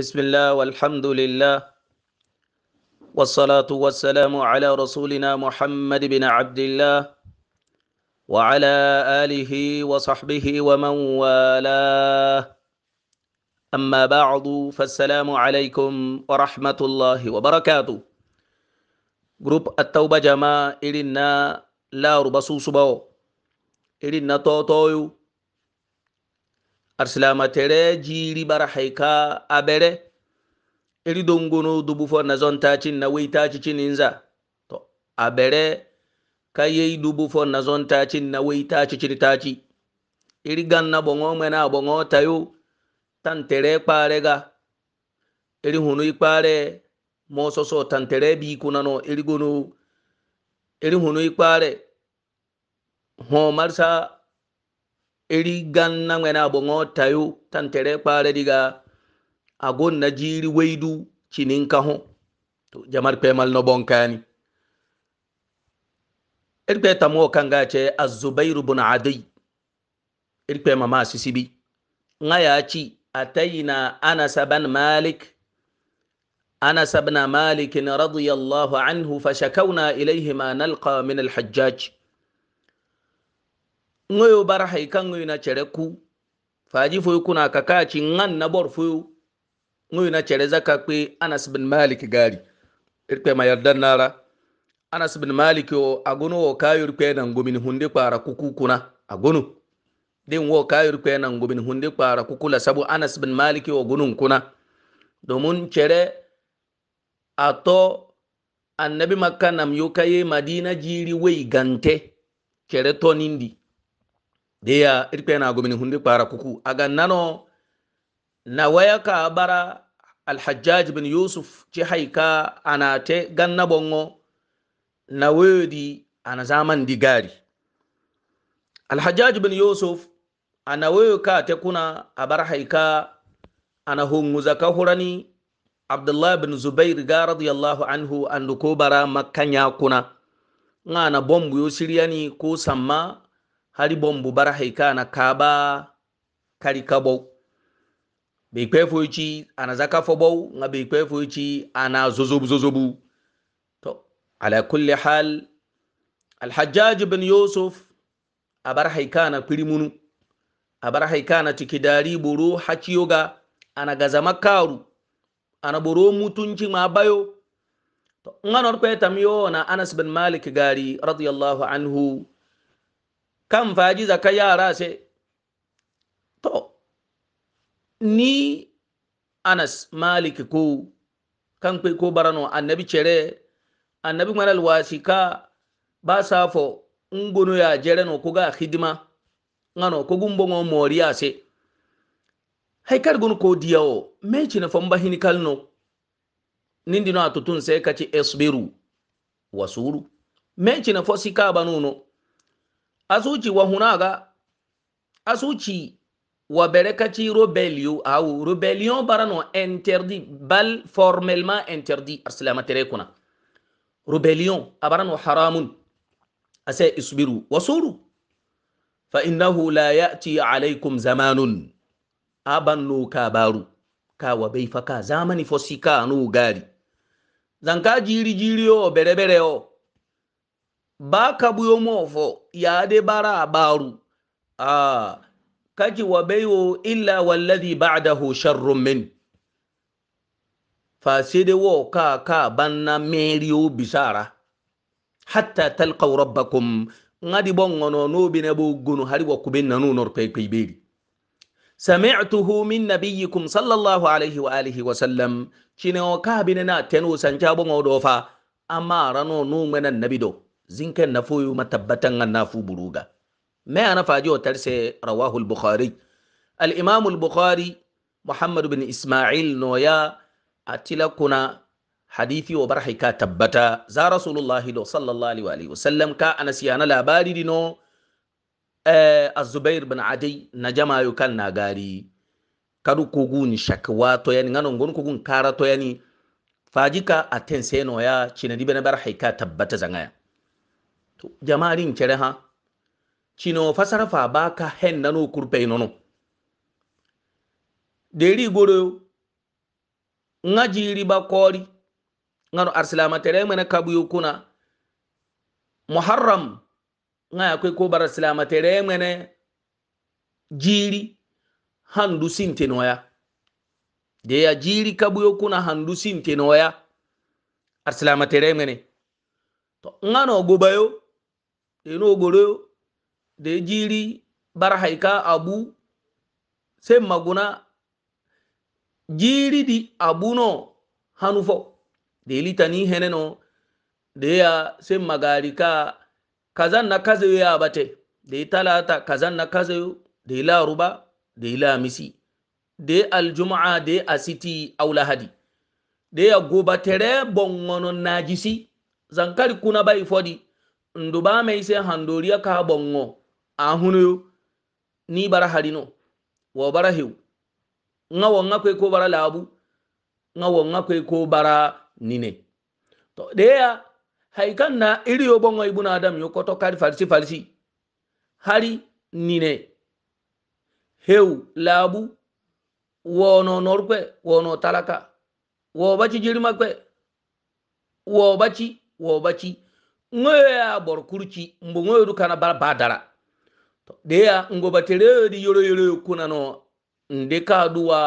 بسم الله والحمد لله والصلاة والسلام على رسولنا محمد بن عبد الله وعلى آله وصحبه ومن والاه أما بعد فالسلام عليكم ورحمة الله وبركاته جروب التوبة جماعة إلنا لا ربسو سبو إلنا توتويو arsilamatere jiri bara haika abere iri dongono dubu fo na zon tacin na wai taci cininza to abere ka yei dubu fo na zon tacin na wai taci cini taci iri ganna bongo mena bongo tayo tantere kpare ga iri hunu ikpare mososo tantere bi kunano iri gono iri hunu ikpare ho marsa eri ganna ŋmene ta tayo tantere kpare diga agon na jiri weidu cinin kaho to jamar pemal no bonkani irkwe tamo kanga ce azubairu bun adai irkwe mama sisibi nga ya ci atayna anas ban malik anas ibn malik radiyallahu anhu fashakawna ilayhi ma nalqa min alhajjaj ngoyo bara hay kan ngoyo na chere ku faji foyo kuna ci ngan na bor foyo ngoyo na chere zaka kwe Anas bin Malik gari irpe ma yardan nara Anas bin Malik o agono o kayur kwe nan ngomin hunde kwara kuku kuna agono din wo kayur kwe nan ngomin hunde kwara kukula sabu Anas bin Malik yo gunun kuna domin chere ato annabi makka nam yo madina jiri wei gante chere tonindi deya irkwe na gomini hundi kpara kuku A nano na waya ka bara alhajjaj bin yusuf ci haika ana te ganna bongo na wayodi ana zaman digari alhajjaj bin yusuf ana wayo ka te kuna a bar haika ana hunguza ka hurani abdullahi bin zubair ga radiyallahu anhu an ko bara makkan ya kuna nga bombu yo siriyani ko samma hari bombu bara haikana kaba kari bau. bai kwefoci ana zaka fobau nga bai kwefoci ana zozobu zozobu to ala kulli hal alhajjaj ibn yusuf abar haikana pirimunu abar haikana tikidari buru hachiyoga ana gazama karu ana buru mutunci ma bayo to nga nor kwetam yo na anas bin malik gari radiyallahu anhu kan faji zaka yara sai to ni anas malik ko kan kwe ko barano annabi cere annabi manal wasika ba safo ngono ya jere no koga hidima ngano ko gumbo ngo moriya se hay kar gon ko diyawo mechi na famba hini kalno nindi no atutun se kaci esbiru wasuru mechi na fosika banuno asuci wa hunaga asuci wa berekaci rebellio awo rebellion barano interdit bal formellement interdit tere kuna rebellion abarano haramun ase isbiru wasuru fa innahu la yati alaikum zamanun abanno kabaru baru ka faka zamani fosika no gari zanka jiri jiri o bere bere o buyo mofo de bara baru ah kaji wabeyo illa walladhi ba'dahu sharrun min fasede wo ka ka banna meriyo bisara hatta talqaw rabbakum ngadi bongono no binabo gunu hari wo kubin nanu nor pe pe min سمعته sallallahu نبيكم wa alihi wa sallam وسلم شنو ka تنو tenu مودوفا اما amara no nu ngena nabido zinken na ma matabbatan an nafu buruga me ana faji wa tarse rawahul bukhari al-imamul bukhari muhammad bin isma'il noya a tilakuna hadithi wa barhika tabbata za rasulullahi do sallallahu alaihi wa wasallam ka anasiya na labari dino eh, az-zubair bin adi na jamayu kan na gari kadu kugun shakwa to yani ngano ngon kugun kara to yani fajika atense no ya chinadibe na barhika ka tabbata zangaya jamaarin kyerɛ ha kyino fasara fa ba ka hen na no kurpe no no deri goro nga jiri ba kori nga no arsilama tere mena kabu yukuna muharram nga ya ko bar arsilama tere mena jiri handu sinte noya de ya jiri kabu yukuna handu sinte noya arsilama tere mena to nga no gobayo de no ogoro de jiri barahaika abu se maguna jiri di abu no hanufo de litani hene no de ya se magari ka kazan na kaze ya abate de talata kazan na kaze de la ruba de la misi de aljuma de asiti aula hadi de ya gobatere bongono najisi zankari kuna bai fodi nduba mai sai handoriya ka bongo a hunu ni bara harino wa bara hewu nga wonga kwe ko bara labu nga wonga kwe ko bara nine to ya haikan na iri yo bongo na adam yo koto kari falsi falsi hari nine heu labu wono norkwe wono talaka wo bachi jirma kwe wo bachi wo bachi. ŋoya bor kurci mbo ŋoyodu kana bara badara to deya ngobatereyodi yoroyoroyo kunano nde ka duwa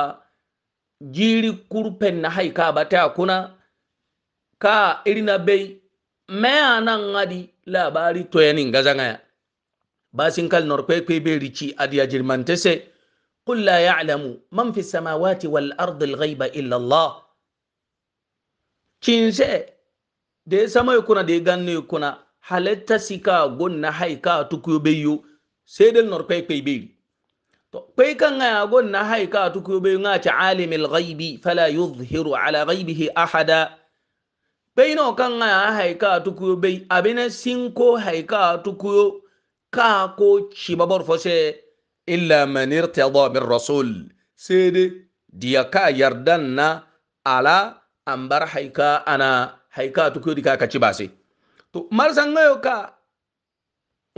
jiri kurpen na hay ka bate a kuna ka irina bei mea nan ŋadi labari toyani ngazaŋaya basinkal norkwekwe be rici adiya jirmantese قل لا يعلم من في السماوات والأرض الغيب إلا الله تشينسي de sama kuna de ganne kuna halatta sika gonna haika tukuyo beyo sai dal nor kai pay to kan ga gonna haika tukuyo beyo nga ta alimil ghaibi fala yuzhiru ala ghaibihi ahada pay no kan ga haika tukuyo bey abina sinko haika tukuyo ka ko chibabor fose illa man irtada min rasul sai diya ka yardanna na ala ambar haika ana haika tukudi ka kaci base to marsan ngayo ka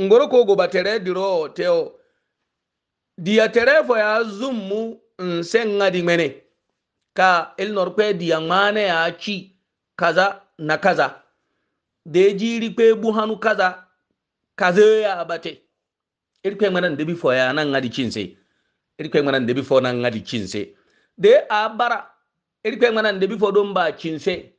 ngoro ko go batere diro teo dia terefo ya zummu nsenga di mene ka il norpe dia mane ya chi kaza na kaza de jiri pe buhanu kaza kaze ya abate irkwe ngana ndebi fo ya na ngadi chinse irkwe ngana ndebi fo na ngadi chinse de abara irkwe ngana ndebi fo don ba chinse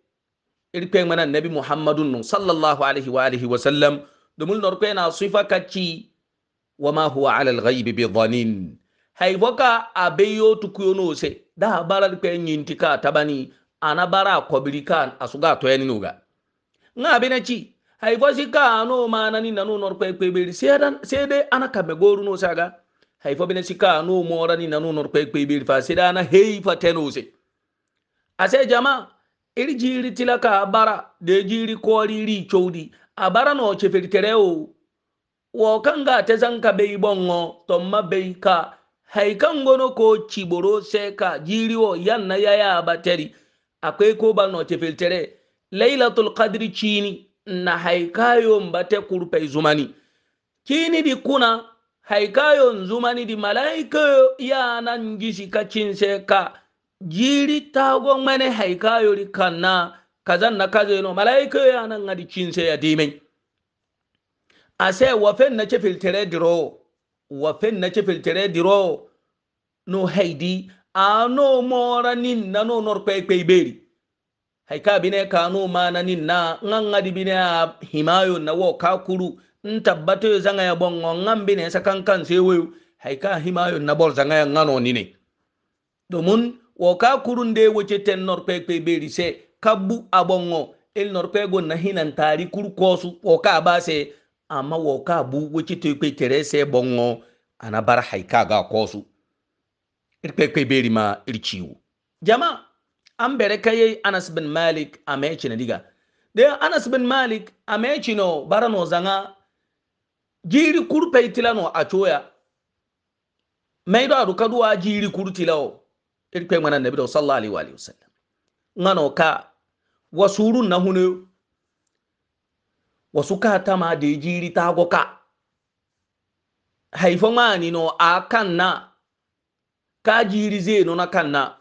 irpe mana nabi muhammadu nun sallallahu alaihi wa alihi wa sallam domin norpe na sufa kaci wa ma huwa ala alghaibi bi dhanin haiboka abeyo tukuyo no se da barar pe nyinti ka tabani ana bara kobiri kan asuga to yani nuga nga bina ci haifosi ka ano manani nanu norpe kwebiri sedan sede ana kame goru no saga haifo bina si ka ano morani nanu norpe kwebiri fa da sedana heifa tenose ase jama'a iri jiri tilaka bara da jiri kori ri chodi a bara no cheferitere o wo kanga ta zanka bei to ma bai ka haikan gono ko ciboro se ka jiri wo yanna yaya bateri akwai ko ba no cheferitere lailatul qadri chini na haikayo mbate kurpe zumani kini di kuna haikayo zumani di malaika ya nan gisi ka cinse ka jiri tagon mane haikayori kanna kazan na kazeno malaika ya nan ngadi kinse ya dimai wa wafen na ce filtere diro wafen na ce filtere diro no haidi a ano mora nin na no nor kwe kwe beri haika bine kanu mana nin na ngangadi bine a himayo na wo kakuru ntabbato zanga ya bongo ngambi ne sakan kan wayo, haika himayo na bol zanga ya ngano ne domin wo ka kurunde woce ten norpekpe beri se kabu abongo el norpego na hinan tari kurkosu wo ka se amma wo ka bu te pe tere se bongo ana bar haika ga kosu irpekpe beri ma irciwo jama an bere kaye anas bin malik a na diga de anas bin malik a mecino barano zanga jiri kurpe tilano a coya maido adu kaduwa jiri tilao irkwe mana nabi da sallallahu alaihi wa alihi ngano ka wasurun na hune wasu ka ta ma da jiri ta go ka haifan mani no a kan na ka jiri zai no kan na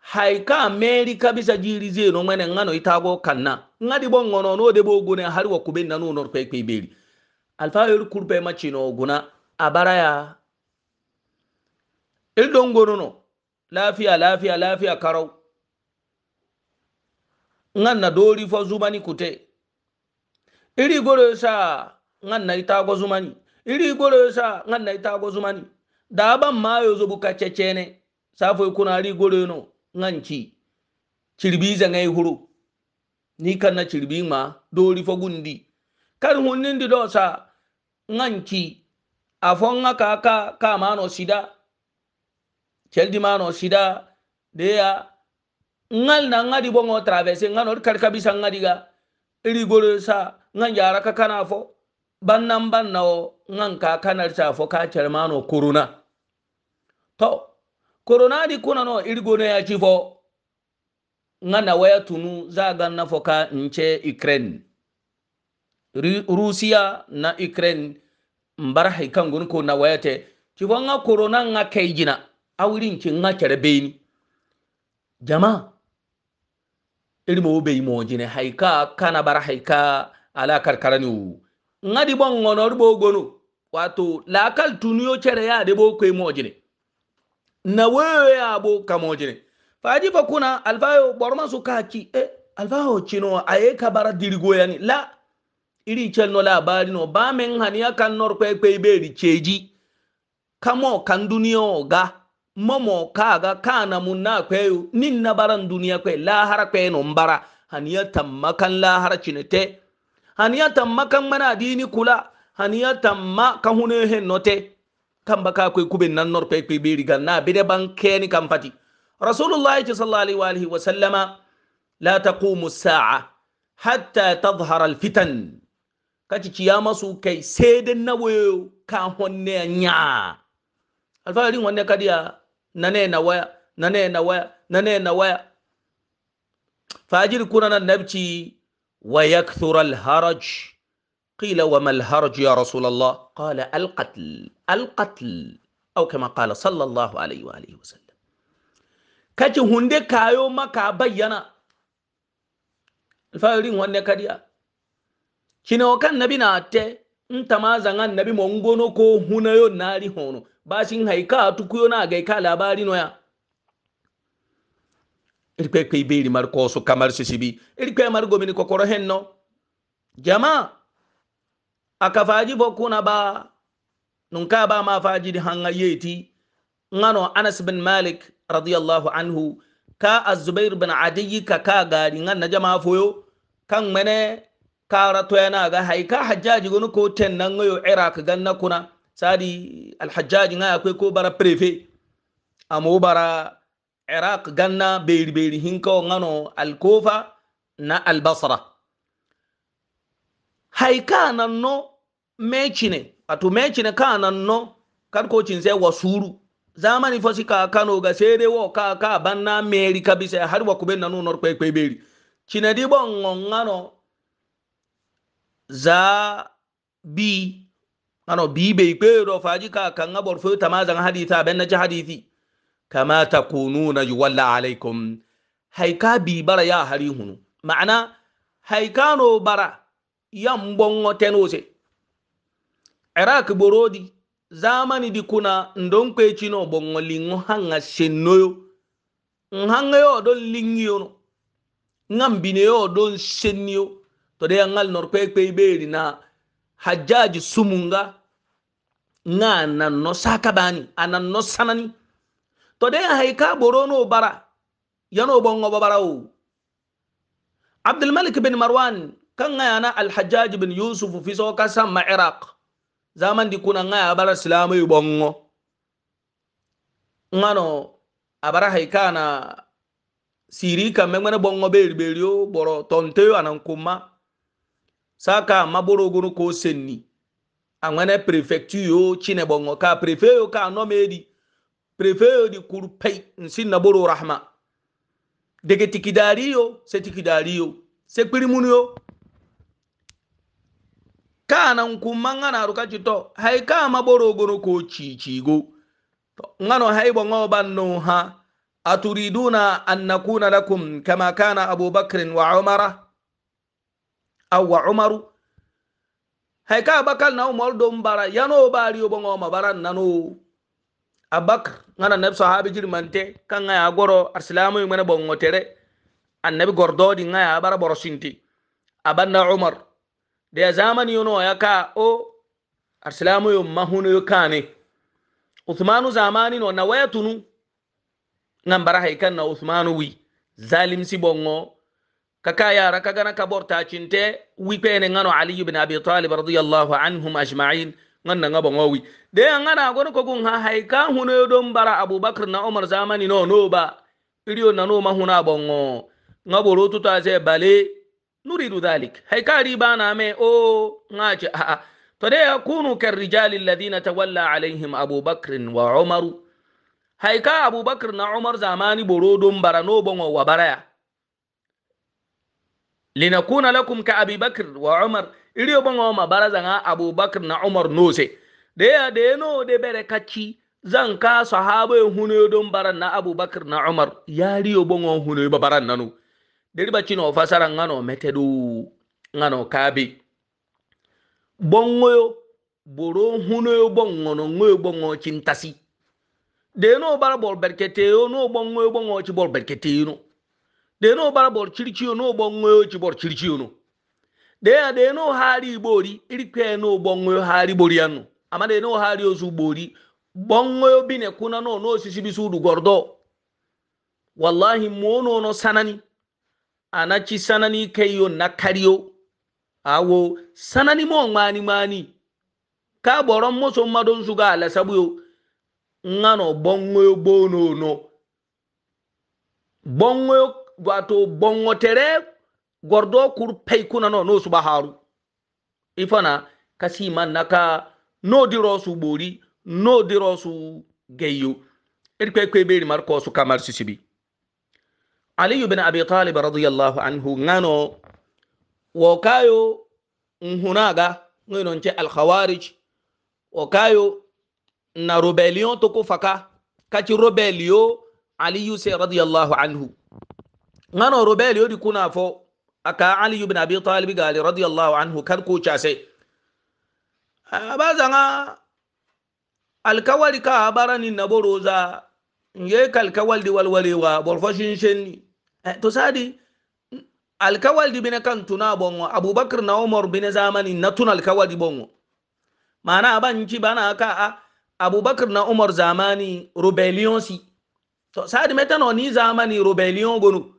haika amerika bisa jiri zai no mene ngano ita go kan na ngadi bon ngono no de bo gune har wa kuben na no nor kwe kwe beri alfa yur kurpe machino guna abara ya il dongo no lafiya lafiya lafiya karau ngan na dori fo zumani kute iri goro sa ngan na ita go zumani iri goro sa ngan na ita go zumani da ban ma yo buka ka ne safo kuna ri goro no ngan ki cirbi zangai huru ni kan na cirbi ma dori fo gundi kar hunnin di do sa ngan ki afon aka ka ka mano sida celdimano sida deya ngal na ngadi bongo traverse ngano kar kabisa ngadiga rigoro sa ngan yara ka kana fo bannan banna o ngan ka kanar sa fo ka cermano corona to corona di kuna no golo ya ci fo ngana waya tunu za ganna fo ka nce ukraine rusiya na ukraine mbara haikan gun ko na wayate ci fo nga corona nga kai jina awurin kin nga kere beni jama irma wo beyi mojine haika kana bara haika ala karkarani wu nga di bon ngono ribo gono wato lakal tuniyo kere ya de bo kwe mojine na wewe ya bo ka mojine faji fa kuna alfayo borma su ka ki e eh, alfayo chino aye ka bara dirigo yani la iri chel no labari no ba men haniya kan nor kwe kwe beri cheji kamo kan duniyo ga mamo kaga kana na kweyo nin na baran duniya kwe lahara kwe no mbara haniya tammakan lahara cinete haniya tammakan mana dini kula haniya tamma kan hune he note kan baka kwe kube nan nor kwe kwe biri ganna bide ban ni kan fati rasulullahi sallallahu alaihi wa sallama la taqumu sa'a hatta tadhhara fitan kati ciyama su kai sai dan nawe ka honne nya alfarin wanne kadiya Na ne na waya na ne na waya na ne na waya fajir kuna nan nabci wa yakthura alharaj qila wa ma alharaj ya rasul allah qala alqatl alqatl aw kama qala sallallahu alaihi wa alihi wasallam kaci hunde kayo maka bayyana alfarin wanne kadiya kina kan nabi na te ntama zangan nabi mongono ko hunayo nari hono bashin haika tukuyo na gai ka labari noya irkwe kwe beri marko su kamar sisibi irkwe mar gomini kokoro henno jama akafaji bokuna ba nunka ba ma fajidi hanga yeti ngano anas bin malik radiyallahu anhu ka azubair bin adiyi ka ka gari ngan na jama foyo kan mene kara na ga haika hajjaji gunu ko ten nan yo iraq ganna kuna sadi alhajjaji nga akwai ko bara prefe amo bara iraq ganna beri beri hinka ngano alkofa na albasra hay kanan no mecine wato mecine kanan no cin sai wasuru zamani fosi ka kano ga sere wo ka ka banna meri ka bisa har wa kubenna no nor kwe kwe beri cinadi bon ngano za bi ano bibe ikpero faji ka kanga borfo tamazan haditha ben na ji hadithi kama takununa yuwalla alaikum haika bi bara ya hari hunu ma'ana haika no bara ya mbongo tenose iraq borodi zamani di kuna ndon kweci no bongo lingo hanga sennoyo nhanga yo don lingiyo no ngambine yo don senniyo to de ngal norpe pe beri na hajjaji sumunga nga bani sakabani ananno sanani to de hay ka borono bara yano bongo babarawo abdulmalik bin marwan kan nga yana alhajjaji bin yusuf fi so kasa ma iraq zaman di kuna nga bara islamu bongo ngano abara hay kana siri kan mengmene bongo beri beri yo boro tonteyo anan kuma saka maborogoro ko senni angwane prefecture yo chine bongo ka prefet yo ka no medi prefet yo di kurpei nsin na boro rahma dege tikidari yo se tikidari yo se kpirimunu yo ka kana nkumma ngana ruka chito hai ka maborogoro ko chichigo ngano hai bongo banno ha aturiduna an nakuna lakum kama kana abubakrin wa umara awa umaru haika abakar na umar don bara yano bari obon o mabaran nano abakar ngana nabi sahabi jirmante kan ngaya goro arsilamu mana bon otere annabi gordodi ngaya bara boro sinti abanna umar de zamani yono ka o arsilamu yo mahuno yo kane uthmanu zamani no na wayatunu ngambara haikan na uthmanu wi zalim si bongo kaka yara ka gana kabor ta cinte wipene ngano ali ibn abi talib radiyallahu anhum ajma'in nganna ngabo ngowi de ngana gono ko gun ha haika huno don bara abubakar na umar zamani no no ba iriyo na no ma huna bongo ngaboro tuta se bale nuridu dhalik haika riba na me o ngache ha, a to de yakunu kar rijal alladhina tawalla alaihim abubakar wa umar haika abubakar na umar zamani boro don bara no bongo wa baraya linakuna lakum ka abi bakr wa umar iriyo bango ma baraza nga abu bakr na umar nose de deno de no de bere kachi zan ka sahaba hunu don baran na abu bakr na umar ya yo bango hunu yo baran nanu deri ba cino fasara ngano metedu ngano kabi bongo yo boro hunu yo bongo no ngoyo bongo chintasi de no bara bol berkete yo no bongo yo bongo ci bol berkete yo no de no bara bor chirichi no bongo chi bor chirichi no de ya de no hari igbori irikwe no bongo hari igbori anu ama de no hari ozu igbori bongo bi ne kuna no no sisi bi sudu gordo wallahi mono no sanani anachi sanani keyo nakariyo awo sanani mo ngani mani ka gboro mmuso mmadụ nzugo ala sagbuo nwa na ọgbọnwe gboo n'ono gbọnwe wato bongotere gordo kur pay kuna no no suba haru ifana kasi man naka no diro su bori no diro su geyo irkwe kwe beri marko su kamar sibi aliyu bin abi talib radiyallahu anhu ngano wo kayo nhunaga nche al khawarij wo kayo na rebellion to ko faka kati rebellio aliyu se radiyallahu anhu ngano robel yodi kuna fo aka ali ibn abi talib gali radiyallahu anhu kar ko chase abaza ah, nga alkawali ka barani na boroza ye kalkawal di walwale wa borfashin shenni eh, to sadi alkawal di bine kan tuna bongo abubakar na umar bine zamani na tun alkawal di bongo mana abanci bana ka a ah, abubakar na umar zamani rebellion si to sadi metano ni zamani rebellion gonu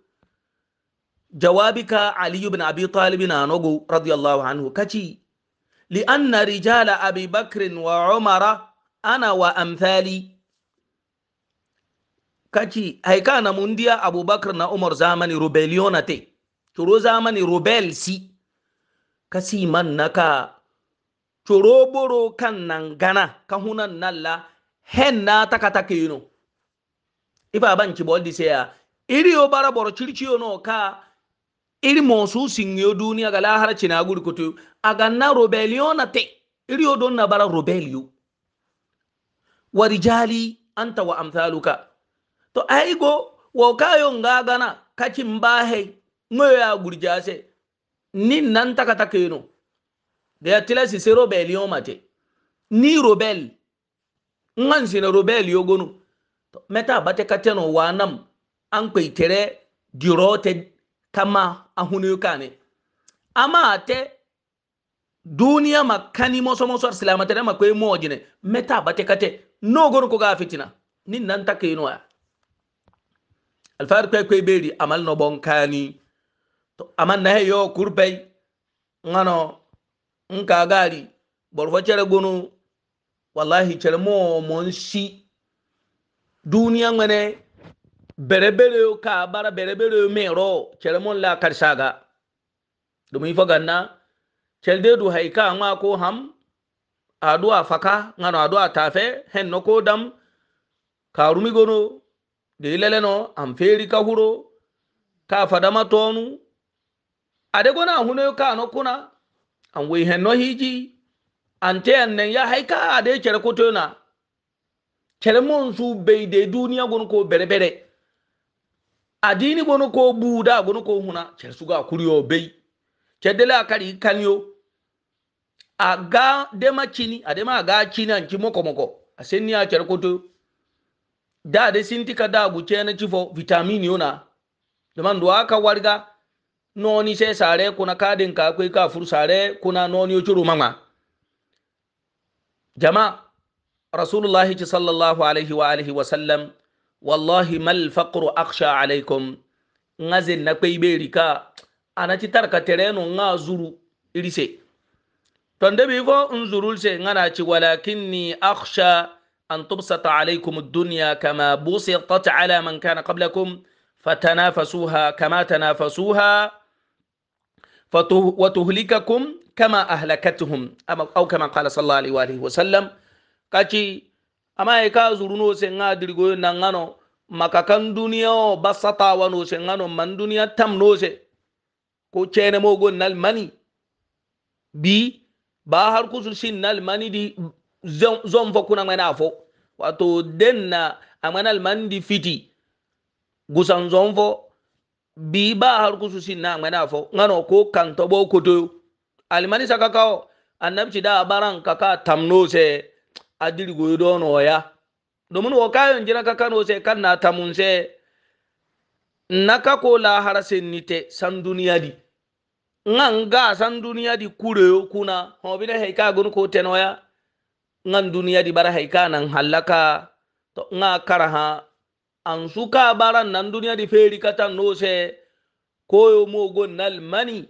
jawabika ali ibn abi talib na nogo radiyallahu anhu kaci li anna rijala abi bakr wa umara ana wa amthali kaci haika na mundiya abubakar na umar zamani rebellion te turo zamani rebel si man naka turo boro kan nan gana kahunan nalla hen na takataka yino ifa banki boldi seya iri yo bara boro circiyo ka iri mosu singiyo duniya ga lahara cina guri a aga na rebellion na te iri odo na bara rebellion wa rijali anta wa amthaluka to ai go wo kayo ngagana kacin bahe ngoyo ya gurjase nin nan taka takeno da ya tilasi sai rebellion mate ni rebel ngan sina rebel yogonu meta bate kateno wanam an kwaitere dirote kama ahunuyukane ama ate duniya makani moso moso arsilamatere makwe mojine meta bate kate nogon ko ga fitina nin nan takinoya alfar kwe kwe beri amal no bonkani to aman na yo kurpei ngano nka gari borfo cere gonu wallahi cere mo mon si duniya ngene berebere ka bara berebere mero chere mon la karsaga dum yi faganna chelde du haika nga ko ham adua faka nga no adua tafe hen no ko dam ka rumi gono de lele no am feri ka huro ka fadama tonu ade gona hunu ka no kuna an wi hen no hiji ante annen ya haika ade chere ko tona chere mon su beide duniya gono ko berebere bere. adini bono ko buda bono ko huna cer suga kuriyo bei chedele a kari kanyo a dema chini a aga a anchi moko moko a senni a cer koto da de sinti ka da bu chifo vitamini yona daman do aka warga noni se sare kuna kadin ka kai ka fur sare kuna noni yo curu mama jama rasulullahi sallallahu alaihi wa alihi wa sallam والله ما الفقر أخشى عليكم نزل نكوي بيريكا أنا تتر كترين ونزرو إرسي تندبي فو انزرو لسي نانا ولكني أخشى أن تبسط عليكم الدنيا كما بسطت على من كان قبلكم فتنافسوها كما تنافسوها وتهلككم كما أهلكتهم أو كما قال صلى الله عليه وآله وسلم كاتي ama e ka zuru no se nga dirgo na ngano makakan duniya o basata wa no se ngano man duniya tam no se ko chene mo go nal mani bi ba har kusul shin nal mani di zon fo kuna ngana fo wato denna amana al man di fiti gusan zon fo bi ba har kusu sin na ngana fo ngano ko kan to bo koto almani saka kawo annabci da baran kaka tamno se a goyo dono ya domin wo kayon jina ka kano sai kan na tamun sai na ka ko la harasin nite san duniya di ngan ga san duniya di kure kuna ho bi na haika gun ko tenoya ngan duniya di bara haika nan halaka to nga ha an suka baran nan duniya di feri katan no sai koyo mogo nal mani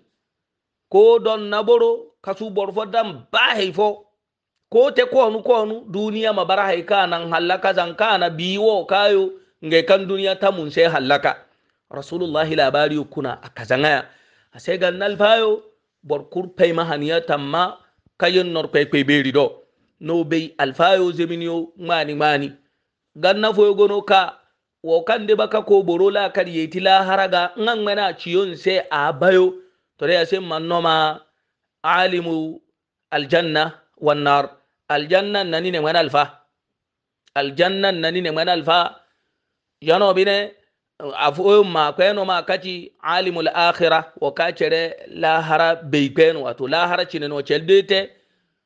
ko don naboro kasu borfo dan ba haifo ko te konu konu duniya bar haika nan hallaka zanka na biwo kayo ngai kan duniya ta mun sai hallaka rasulullahi labari kuna a a sai ga nalfayo borkur pay mahaniya tamma kayin nor kwai kwai beri do no bei alfayo zeminio mani mani ganna foyo gono ka wo kan de baka ko borola kar yeti la haraga ngan mana ciyon sai a bayo to sai mannoma alimu aljanna wannan aljanna nani ne ngana alfa aljanna nani ne ngana alfa yano bine afu ma kweno ma kaci alimul akhira wo ka cere lahara bei kweno wato lahara cineno celdete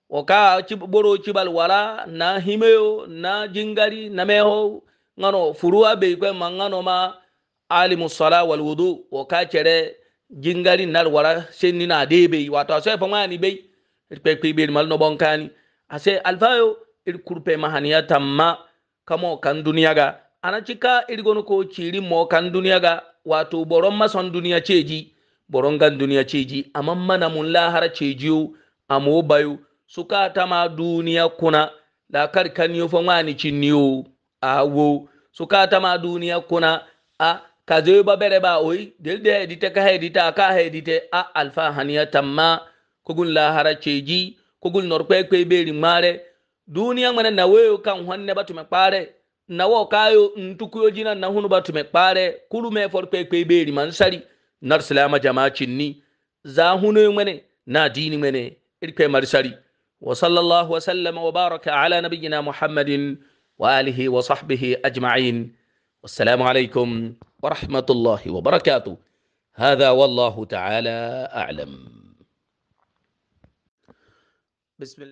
wo ka ɓoro cibal wala na himeyo na jingari na meho ngano furuwa bei kwen ma ngano ma alimu sala wal wudu wo ka cere jingari nar wala senni na de bei wato fama ni ngani bei kpekpe ɓeri mal no bonkani ase alfayo iri kurpe mahaniya tamma kamo kan duniya ga ana cika iri gonu ko ciri mo kan duniya ga wato boron mason duniya ceji boron gan duniya ceji amma mana mun lahara cejiyo amo bayu suka tama duniya kuna kar kan yo fa wani cinniyo awo suka tama duniya kuna a kaze ba bere ba oi del de edite ka edite ka edite a alfa haniya tamma kugun lahara ceji kogul norkwe kwe beri mare duniya mana na weyo kan hanne batume kpare na wo kayo ntukuyo jina na hunu batume kpare kulume for kwe kwe beri mansari nar salama jama'acin ni za hunu mene na dini mene irkwe marsari wa sallallahu wa sallama wa baraka ala nabiyyina muhammadin wa alihi wa sahbihi ajma'in wassalamu alaikum rahmatullahi wa وبركاته هذا والله تعالى اعلم بسم اللہ